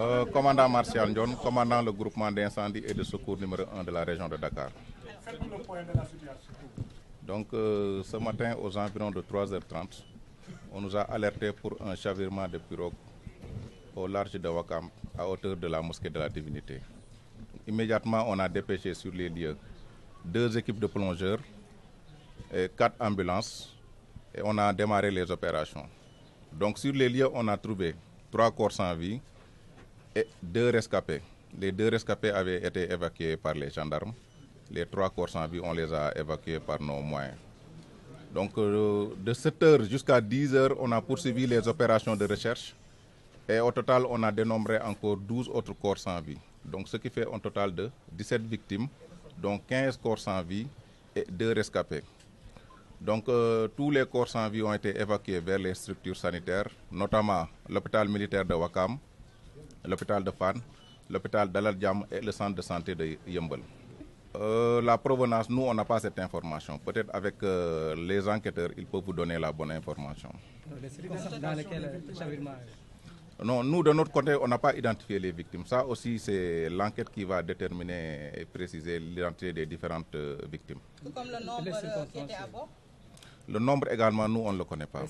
Euh, commandant Martial John, commandant le groupement d'incendie et de secours numéro 1 de la région de Dakar. Donc, euh, ce matin, aux environs de 3h30, on nous a alerté pour un chavirement de pirogue au large de Wakam, à hauteur de la mosquée de la Divinité. Immédiatement, on a dépêché sur les lieux deux équipes de plongeurs et quatre ambulances et on a démarré les opérations. Donc, sur les lieux, on a trouvé trois corps sans vie, et deux rescapés. Les deux rescapés avaient été évacués par les gendarmes. Les trois corps sans vie, on les a évacués par nos moyens. Donc euh, de 7h jusqu'à 10h, on a poursuivi les opérations de recherche. Et au total, on a dénombré encore 12 autres corps sans vie. Donc ce qui fait un total de 17 victimes, dont 15 corps sans vie et deux rescapés. Donc euh, tous les corps sans vie ont été évacués vers les structures sanitaires, notamment l'hôpital militaire de Wakam, l'hôpital de Fan, l'hôpital d'Alal et le centre de santé de Yembol. Euh, la provenance, nous, on n'a pas cette information. Peut-être avec euh, les enquêteurs, ils peuvent vous donner la bonne information. Euh, non, nous, de notre côté, on n'a pas identifié les victimes. Ça aussi, c'est l'enquête qui va déterminer et préciser l'identité des différentes victimes. comme le nombre était à bord Le nombre également, nous, on ne le connaît pas.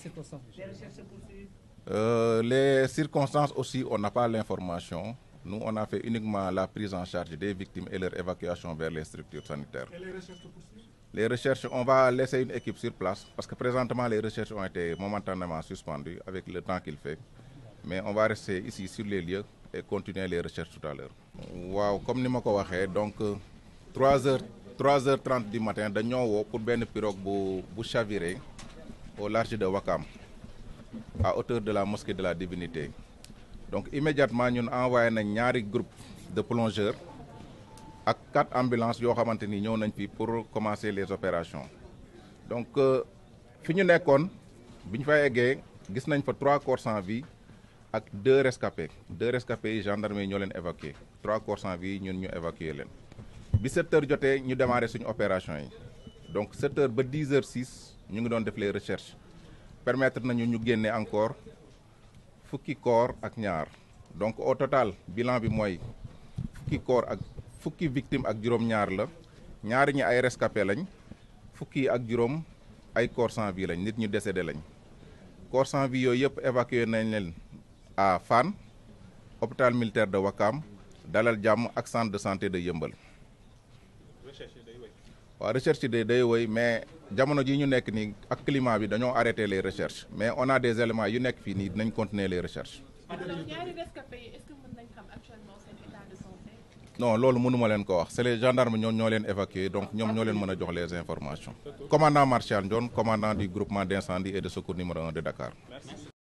Euh, les circonstances aussi, on n'a pas l'information. Nous, on a fait uniquement la prise en charge des victimes et leur évacuation vers les structures sanitaires. Et les recherches Les recherches, on va laisser une équipe sur place parce que présentement, les recherches ont été momentanément suspendues avec le temps qu'il fait. Mais on va rester ici sur les lieux et continuer les recherches tout à l'heure. Wow, comme nous l'avons dit, donc 3 h 30 du matin, nous avons pour une pirogue au large de Wakam à hauteur de la mosquée de la divinité donc immédiatement nous avons envoyé un groupe de plongeurs à quatre ambulances pour commencer les opérations donc nous euh, avons nekkoon bi ñu gis trois corps sans vie et deux rescapés deux rescapés les gendarmerie nous avons évacués trois corps sans vie nous ñu évacué leen bi 7h nous avons démarré une opération donc à h h 06 nous nous ñu ngi les recherches permettre nañu ñu génne encore fukki corps ak ñaar donc au total bilan bi moy fukki corps ak fukki victime ak juroom ñaar la ñaar ñi ay rescapé lañ fukki ak juroom ay corps sans vie lañ nit ñu décédé lañ corps sans vie yooyu évacué nañ leen à fan, hôpital militaire de wakam Dalal jam ak centre de santé de Yëmbal waaw recherche de day woy mais jamono ji ñu nekk nii ak climat bi dañoo arrêté les recherches mais on a des éléments yu nekk fii nii dinañ continuer les recherches. Est-ce que de non loolu mënuma leen ko wax c'est les gendarmes ñoom ñoo leen évacué donc ñoom ñoo leen mën a jox les informations. commandant Martial Ndione commandant du groupement d'incendie et de secours numéro 1 de Dakar.